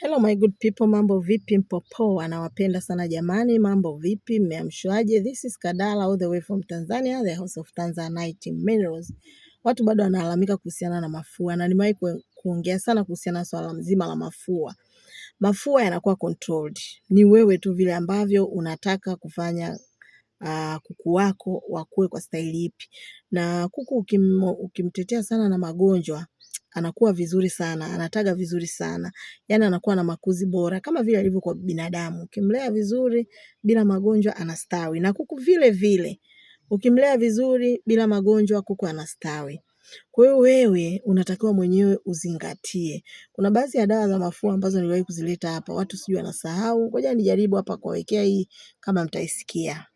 Hello my good people, mambo vipi mpopo anawapenda sana jamani, mambo vipi, mmeamshwaje? This is Kadala all the way from Tanzania, the house of Tanzanite Minerals. Watu bado wanalalamika kuhusiana na mafua na nimewahi kuongea sana kuhusiana na swala mzima la mafua. Mafua yanakuwa controlled, ni wewe tu vile ambavyo unataka kufanya uh, kuku wako wakue kwa staili ipi, na kuku ukim, ukimtetea sana na magonjwa anakuwa vizuri sana, anataga vizuri sana. yani anakuwa na makuzi bora kama vile alivyo kwa binadamu. Ukimlea vizuri bila magonjwa anastawi na kuku vile vile. Ukimlea vizuri bila magonjwa kuku anastawi. Kwa hiyo wewe unatakiwa mwenyewe uzingatie. Kuna baadhi ya dawa za mafua ambazo niliwahi kuzileta hapa. Watu sijui wanasahau. Ngoja nijaribu hapa kuwawekea hii kama mtaisikia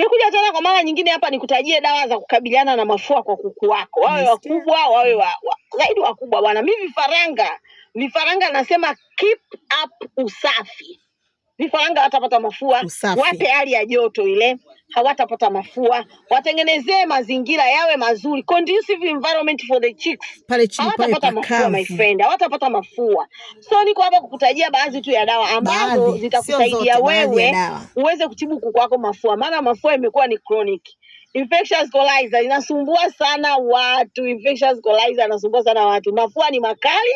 nimekuja tena kwa mara nyingine hapa nikutajie dawa za kukabiliana na mafua kwa kuku wako, wawe wakubwa wawe wa, wa, zaidi wakubwa bwana. Mi vifaranga vifaranga nasema keep up usafi vifaranga hawatapata mafua. Usafi. Wape hali ya joto ile, hawatapata mafua. Watengenezee mazingira yawe mazuri, conducive environment for the chicks. Pale chini hawatapata mafua, my friend, hawatapata mafua. So niko hapa kukutajia baadhi tu ya dawa ambazo zitakusaidia wewe uweze kutibu kuku wako mafua, maana mafua imekuwa ni chronic. Infectious colizer inasumbua sana watu, infectious colizer inasumbua sana watu. Mafua ni makali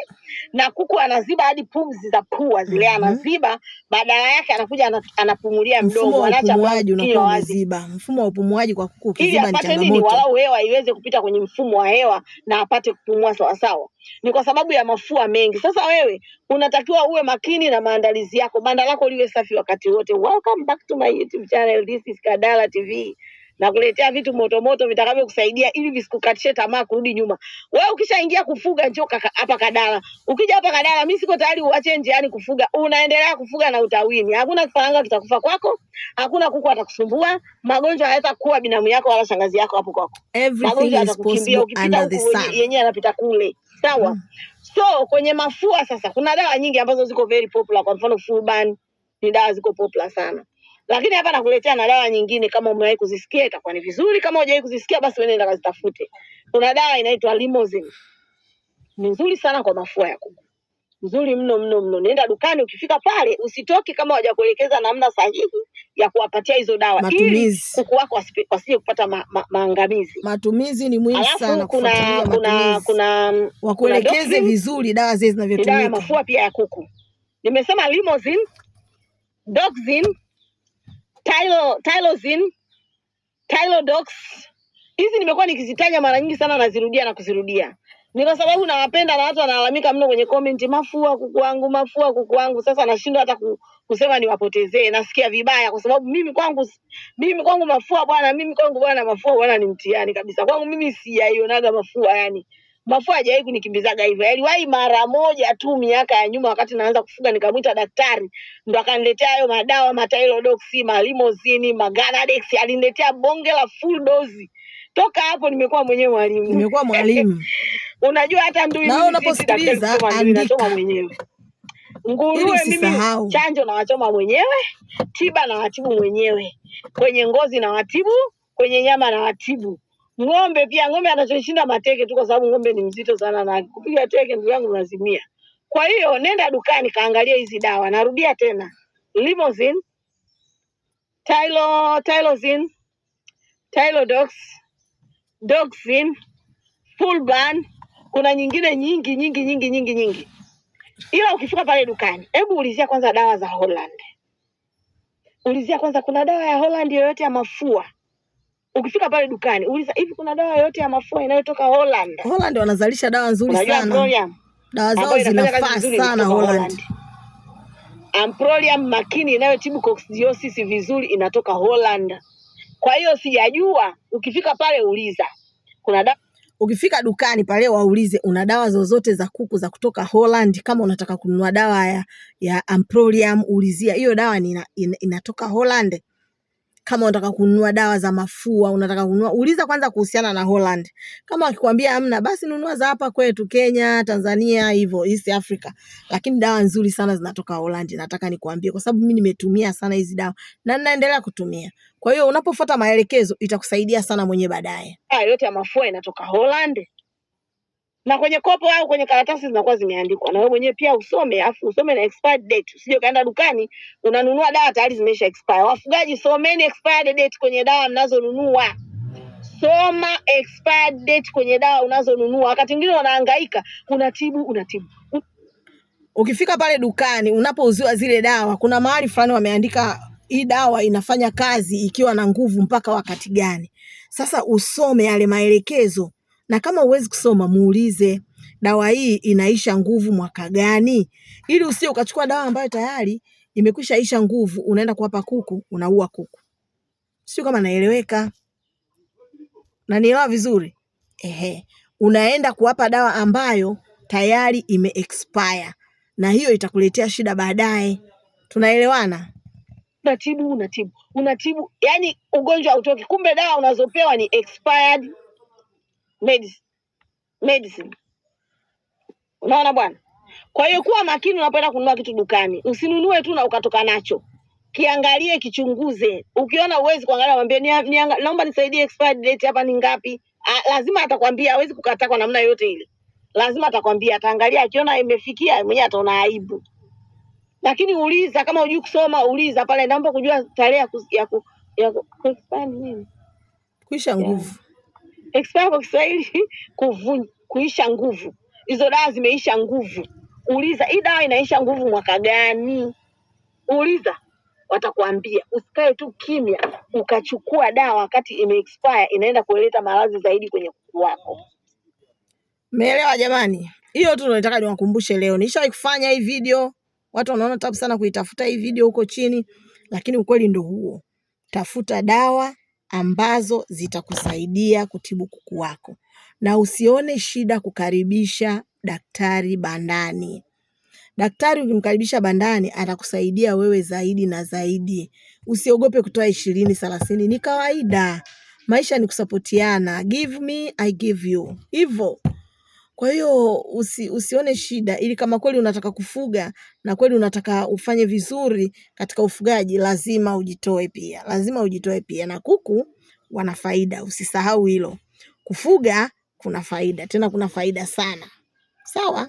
na kuku anaziba hadi pumzi za pua zile, mm -hmm. Anaziba, badala yake anakuja anapumulia mdomo, anaacha masikio wazi. Mfumo wa upumuaji kwa kuku ukiziba ni changamoto, walau hewa iweze kupita kwenye mfumo wa hewa na apate kupumua sawa sawa, ni kwa sababu ya mafua mengi. Sasa wewe unatakiwa uwe makini na maandalizi yako, banda lako liwe safi wakati wote. Welcome back to my YouTube channel, this is Kadala TV na kuletea vitu moto vitakavyokusaidia ili visikukatishe tamaa kurudi nyuma. Wewe ukishaingia kufuga njoka hapa Kadala, ukija hapa Kadala, mimi siko tayari uache njiani kufuga, unaendelea kufuga na utawini. Hakuna kifaranga kitakufa kwako, hakuna kuku atakusumbua, magonjwa hayata kuwa binamu yako wala shangazi yako hapo kwako, magonjwa atakukimbia, ukipita yenyewe anapita kule, sawa mm. So kwenye mafua sasa, kuna dawa nyingi ambazo ziko very popular, kwa mfano Fulban ni dawa ziko popular sana lakini hapa nakuletea na dawa nyingine, kama umewahi kuzisikia itakuwa ni vizuri, kama hujawahi kuzisikia basi wewe nenda kazitafute. Kuna dawa inaitwa Limozin, ni nzuri sana kwa mafua ya kuku, nzuri mno mno mno. Nenda dukani, ukifika pale usitoki kama hujakuelekeza namna sahihi ya kuwapatia hizo dawa matumizi, ili kuku wako wasije kupata ma, ma, maangamizi. Matumizi ni muhimu sana, kuna kuna mm, kuna wakuelekeze vizuri dawa zile zinavyotumika. Dawa ya mafua pia ya kuku, nimesema Limozin, Doxin Tylo, Tylozin, Tylodox. Hizi nimekuwa nikizitaja mara nyingi sana, nazirudia na kuzirudia. Ni kwa sababu nawapenda na watu wanalalamika mno kwenye comment, mafua kuku wangu, mafua kuku wangu. Sasa nashindwa hata kusema niwapotezee, nasikia vibaya kwa sababu mimi kwangu, mimi kwangu mafua bwana, mimi kwangu bwana, mafua bwana ni mtihani kabisa kwangu. Mimi siyaionaga mafua yani Mafua hajawahi kunikimbizaga hivyo, aliwahi yaani mara moja tu miaka ya nyuma, wakati naanza kufuga, nikamwita daktari ndo akaniletea hayo madawa matailodoksi, malimozini, maganadex, aliniletea bonge la full dozi. Toka hapo nimekuwa mwenyewe mwalimu, nimekuwa mwalimu unajua hata ndui na unaposikiliza andika mwenyewe nguruwe mimi chanjo Chanjo nawachoma mwenyewe, tiba nawatibu mwenyewe, kwenye ngozi nawatibu, kwenye nyama nawatibu, Ng'ombe pia, ng'ombe anachoshinda mateke tu, kwa sababu ng'ombe ni mzito sana na kupiga teke, ndugu yangu, unazimia. Kwa hiyo nenda dukani kaangalia hizi dawa, narudia tena, Limozin, Tylo, Tylozin, Tylodox, Doxin, Fulban, kuna nyingine nyingi nyingi nyingi nyingi nyingi, ila ukifika pale dukani, hebu ulizia kwanza dawa za Holland, ulizia kwanza kuna dawa ya Holland yoyote ya mafua Ukifika pale dukani uliza, hivi kuna dawa yote ya mafua inayotoka Holland? Holland wanazalisha dawa nzuri sana, dawa zao zinafaa sana Holland. Amprolium makini inayotibu coccidiosis vizuri inatoka Holland. Kwa hiyo sijajua, ukifika pale uliza kuna dawa ukifika dukani pale waulize una dawa zozote za kuku za kutoka Holland. Kama unataka kununua dawa ya, ya Amprolium ulizia hiyo dawa ni ina, in, inatoka Holland kama unataka kununua dawa za mafua, unataka kununua, uliza kwanza kuhusiana na Holland. Kama wakikwambia hamna, basi nunua za hapa kwetu Kenya, Tanzania, hivyo East Africa. Lakini dawa nzuri sana zinatoka Holland, nataka nikuambie, kwa sababu mimi nimetumia sana hizi dawa na ninaendelea kutumia. Kwa hiyo unapofuata maelekezo itakusaidia sana mwenyewe baadaye. Ah, yote ya mafua inatoka Holland na kwenye kopo au kwenye karatasi zinakuwa zimeandikwa, na wewe mwenyewe pia usome, afu usome na expired date. Usije kaenda dukani unanunua dawa tayari zimesha expire. Wafugaji, someni expired date kwenye dawa mnazonunua. Soma expired date kwenye dawa unazonunua. Wakati mwingine wanahangaika, unatibu unatibu ukifika pale dukani unapouziwa zile dawa, kuna mahali fulani wameandika hii dawa inafanya kazi ikiwa na nguvu mpaka wakati gani. Sasa usome yale maelekezo na kama uwezi kusoma muulize dawa hii inaisha nguvu mwaka gani, ili usio ukachukua dawa ambayo tayari imekwisha isha nguvu, unaenda kuwapa kuku, unaua kuku. Sio kama naeleweka na nielewa vizuri ehe, unaenda kuwapa dawa ambayo tayari ime expire na hiyo itakuletea shida baadaye. Tunaelewana? Unatibu, unatibu, unatibu, yani ugonjwa hautoki, kumbe dawa unazopewa ni expired medicine medicine. Unaona bwana. Kwa hiyo kuwa makini unapoenda kununua kitu dukani, usinunue tu na ukatoka nacho. Kiangalie, kichunguze. Ukiona uwezi kuangalia, mwambie naomba nisaidie, expired date hapa ni ngapi? A, lazima atakwambia, hawezi kukataa kwa namna yoyote ile. Lazima atakwambia, ataangalia, akiona imefikia mwenyewe ataona aibu. Lakini uliza, kama hujui kusoma uliza pale, naomba kujua tarehe ya ku, ya ku, ya ku, kuisha nguvu expire kwa Kiswahili kuisha nguvu. Hizo dawa zimeisha nguvu. Uliza hii dawa inaisha nguvu mwaka gani? Uliza, watakuambia. Usikae tu kimya ukachukua dawa wakati ime expire, inaenda kuleta maradhi zaidi kwenye kuku wako. Mmeelewa jamani? Hiyo tu nataka niwakumbushe leo. Nishawahi kufanya hii video, watu wanaona tabu sana kuitafuta hii video huko chini, lakini ukweli ndio huo. Tafuta dawa ambazo zitakusaidia kutibu kuku wako. Na usione shida kukaribisha daktari bandani. Daktari ukimkaribisha bandani atakusaidia wewe zaidi na zaidi. Usiogope kutoa ishirini, thelathini ni kawaida. Maisha ni kusapotiana. Give me, I give you. Hivo. Kwa hiyo usi, usione shida, ili kama kweli unataka kufuga na kweli unataka ufanye vizuri katika ufugaji, lazima ujitoe pia, lazima ujitoe pia. Na kuku wana faida, usisahau hilo. Kufuga kuna faida, tena kuna faida sana. Sawa?